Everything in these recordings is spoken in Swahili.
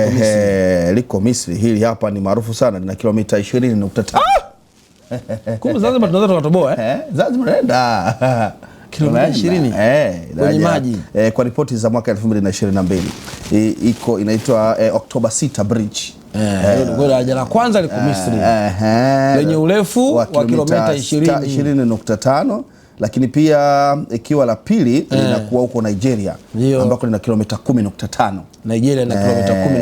Ehe, liko Misri hili hapa ni maarufu sana, lina kilomita 20.5. Ah! Kumbe Zanzibar tunaweza tukatoboa eh? eh Zanzibar naenda kilomita 20 eh, kwenye maji eh. Kwa ripoti za mwaka 2022 iko inaitwa eh, October 6 Bridge Eh, ndio daraja la kwanza liko eh, Misri lenye urefu wa kilomita 20.5 lakini pia ikiwa la pili e, linakuwa huko Nigeria ambako lina kilomita 10.5. Nigeria na eh, kilomita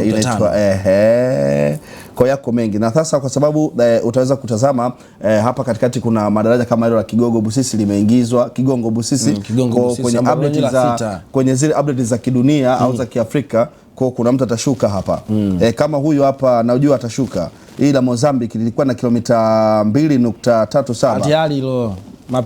10.5 kwa yako mengi na sasa, kwa sababu e, utaweza kutazama e, hapa katikati kuna madaraja kama hilo la Kigogo Busisi limeingizwa Kigongo Busisi, mm, Kigongo Busisi kwenye update za kwenye zile update za kidunia mm, au za Kiafrika kwa kuna mtu atashuka hapa mm. E, kama huyu hapa najua atashuka. Hii la Mozambique lilikuwa na kilomita 2.37 tayari hilo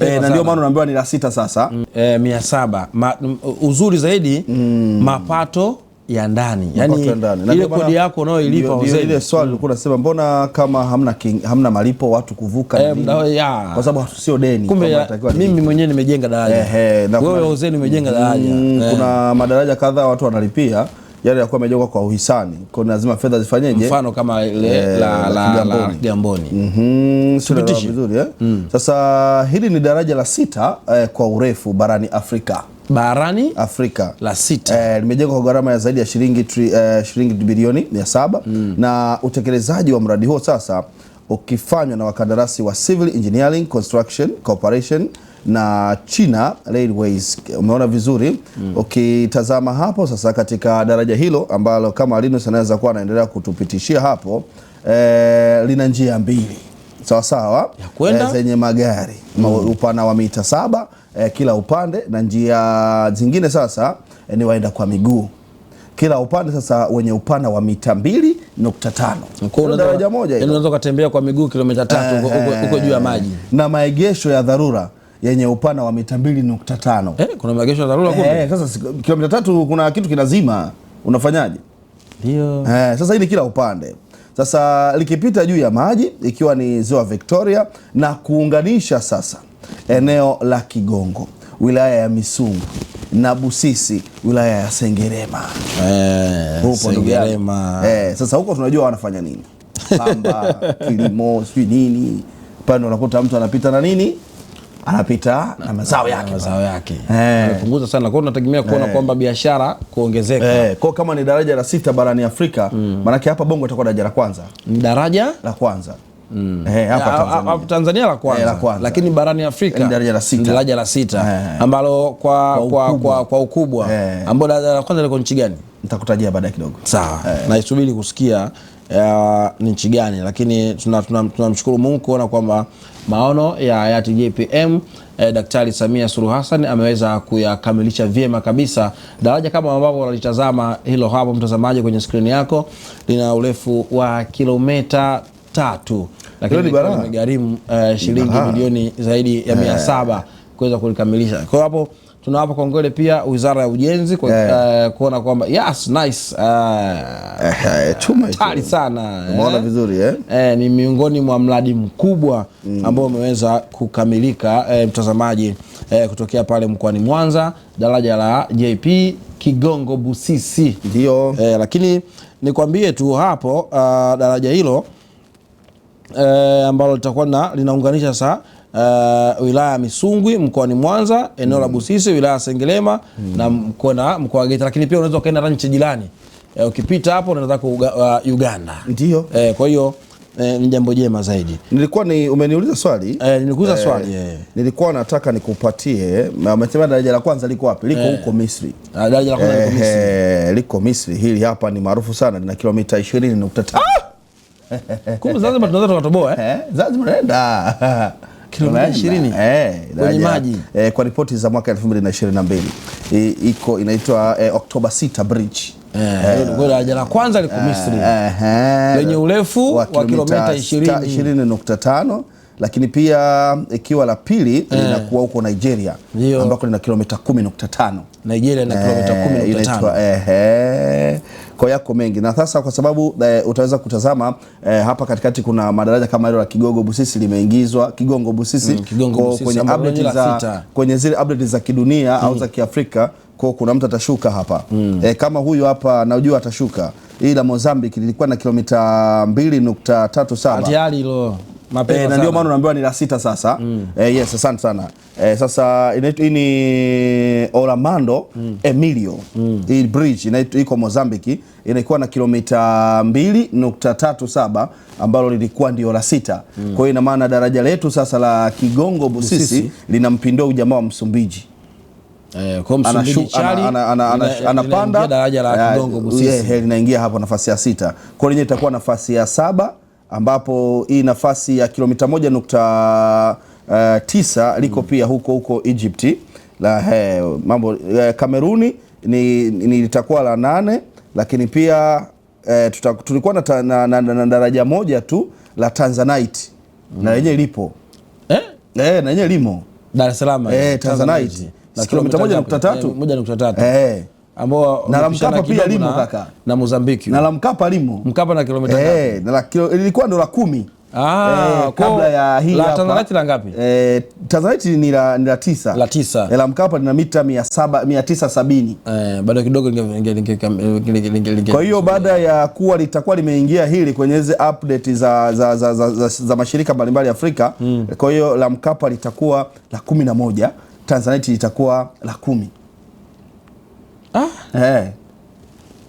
Eh, na ndio maana unaambiwa ni la sita sasa mm. e, mia saba Ma, mm, uzuri zaidi mm. mapato ya ndani yani, ile kodi yako unayoilipa ile swali ulikuwa unasema mbona kama hamna king, hamna malipo watu kuvuka e, ya. kwa sababu sio deni. Kumbe mimi mwenyewe nimejenga daraja, wewe Hussein umejenga daraja, mm, kuna madaraja kadhaa watu wanalipia yale yalikuwa yamejengwa kwa uhisani, kwa hiyo lazima fedha zifanyeje, mfano kama ile e, la la, Gamboni. Kigamboni mhm, vizuri eh? mm. Sasa hili ni daraja la sita eh, kwa urefu barani Afrika barani Afrika la sita eh, limejengwa kwa gharama ya zaidi ya shilingi tri, eh, shilingi bilioni 700 mm. na utekelezaji wa mradi huo sasa ukifanywa na wakandarasi wa Civil Engineering Construction Corporation na China Railways. Umeona vizuri mm. Ukitazama hapo sasa katika daraja hilo ambalo kama Linus anaweza kuwa anaendelea kutupitishia hapo e, lina njia mbili sawasawa e, eh, zenye magari mm. upana wa mita saba e, kila upande na njia zingine sasa e, ni waenda kwa miguu kila upande sasa wenye upana wa mita mbili nukta tano daraja moja, unaweza kutembea kwa miguu kilomita tatu huko juu ya maji na maegesho ya dharura yenye upana wa mita mbili nukta tano eh, kuna maegesho ya dharura kumbe. Eh, eh, sasa kilomita tatu kuna kitu kinazima, unafanyaje? Ndio. Eh, sasa hii ni kila upande sasa likipita juu ya maji ikiwa ni ziwa Victoria na kuunganisha sasa eneo la Kigongo wilaya ya misungu na Busisi wilaya ya Sengerema. Eh, huko Sengerema. Eh, sasa huko tunajua wanafanya nini, pamba kilimo sijui nini, pale unakuta mtu anapita na nini anapita na, mazao yake, mazao yake eh. anapunguza sana. Kwa hiyo tunategemea kuona eh. kwamba biashara kuongezeka. Eh, kwa kama ni daraja la sita barani Afrika mm. maanake hapa Bongo itakuwa daraja la kwanza, ni daraja la kwanza mm. hapa Tanzania. Tanzania la kwanza, la kwanza lakini barani Afrika yaani daraja la sita, daraja la sita ambalo kwa, kwa ukubwa, kwa ukubwa ambao daraja la kwanza liko nchi gani nitakutajia baadaye kidogo sawa, naisubiri kusikia ni nchi gani, lakini tunamshukuru tuna, tuna Mungu kuona kwamba maono ya hayati JPM eh, Daktari Samia Suluhu Hassan ameweza kuyakamilisha vyema kabisa. Daraja kama ambavyo unalitazama hilo hapo, mtazamaji, kwenye skrini yako lina urefu wa kilomita tatu, lakini imegharimu eh, shilingi milioni zaidi ya mia eh. saba kuweza kulikamilisha. Kwa hiyo hapo tunawapa kongole pia Wizara ya Ujenzi kwa yeah. uh, kuona kwamba yes nice uh, uh, tari sana umeona eh. vizuri eh? Eh, ni miongoni mwa mradi mkubwa mm. ambao umeweza kukamilika eh, mtazamaji eh, kutokea pale mkoani Mwanza daraja la JP Kigongo Busisi ndio eh, lakini nikwambie tu hapo uh, daraja hilo eh, ambalo litakuwa linaunganisha sasa uh, wilaya ya Misungwi mkoani Mwanza, eneo la mm. Busisi wilaya ya Sengerema mm. na mkoa mkoa wa Geita, lakini pia unaweza ukaenda nchi jirani eh, ukipita hapo unaweza kuuga, uh, Uganda ndio eh, kwa hiyo E, ni jambo jema zaidi. Nilikuwa ni umeniuliza swali eh, nilikuuliza e, swali e. Nilikuwa nataka nikupatie, umesema daraja la kwanza liko wapi? Liko huko eh. Misri. Ah, daraja la kwanza eh, liko Misri eh, liko Misri. Hili hapa ni maarufu sana, lina kilomita 20.5 ah! Kumbe Zanzibar tunaweza tukatoboa eh? Zanzibar naenda kilomita 20 eh, kwenye maji eh, kwa ripoti za mwaka 2022 e, iko inaitwa eh, Oktoba 6 bridge daraja eh, eh. la kwanza liko Misri lenye urefu wa kilomita 20.5 lakini pia ikiwa la pili linakuwa huko Nigeria ambako lina kilomita 10.5. Nigeria na eh, kilomita 15 kwa yako mengi na sasa, kwa sababu e, utaweza kutazama e, hapa katikati kuna madaraja kama hilo la Kigogo Busisi limeingizwa Kigongo Busisi mm, Kigongo Busisi kwenye update za kwenye zile update za kidunia mm, au za Kiafrika kwa kuna mtu atashuka hapa mm. E, kama huyu hapa najua atashuka. Hii la Mozambique lilikuwa na kilomita 2.37 tayari hilo E, na ndio maana unaambiwa ni la sita sasa mm. Eh, yes, asante sana eh, sasa hii ni Orlando mm. Emilio mm. Hii bridge iko Mozambiki inaikuwa na kilomita 2.37 ambalo lilikuwa ndio la sita mm. Kwa hiyo ina maana daraja letu sasa la Kigongo Busisi linampindua ujamaa wa Msumbiji anapanda eh, eh, linaingia hapo nafasi ya sita, kwa hiyo lenyewe itakuwa nafasi ya saba ambapo hii nafasi ya kilomita moja nukta uh, tisa liko mm. pia huko huko Egypt la he, mambo Kameruni eh, ni litakuwa la nane, lakini pia eh, tuta, tulikuwa na, na, na, na daraja moja tu la Tanzanite mm. na yenye lipo eh? Eh, na yenye limo Dar es Salaam eh, Tanzanite kilomita moja nukta tatu eh, moja nukta tatu eh ambao na la Mkapa pia limo kaka na Mozambiki na la Mkapa limo Mkapa na kilomita eh, na la kilo ilikuwa ndo la kumi ah, eh, kabla ya hii La Tanzanite la ngapi? Eh, Tanzanite ni la ni la tisa. La tisa. Eh, la Mkapa lina mita 700 Eh, bado kidogo Kwa hiyo baada ya kuwa litakuwa limeingia hili kwenye hizo update za za za, za, za, za mashirika mbalimbali Afrika. Mm. Kwa hiyo la Mkapa litakuwa la 11, Tanzanite litakuwa la kumi ah. eh.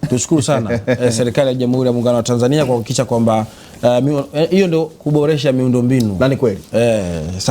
Tushukuru sana eh, serikali ya Jamhuri ya Muungano wa Tanzania kwa kuhakikisha kwamba eh, eh, hiyo uh, ndio kuboresha miundombinu mbinu nani kweli eh,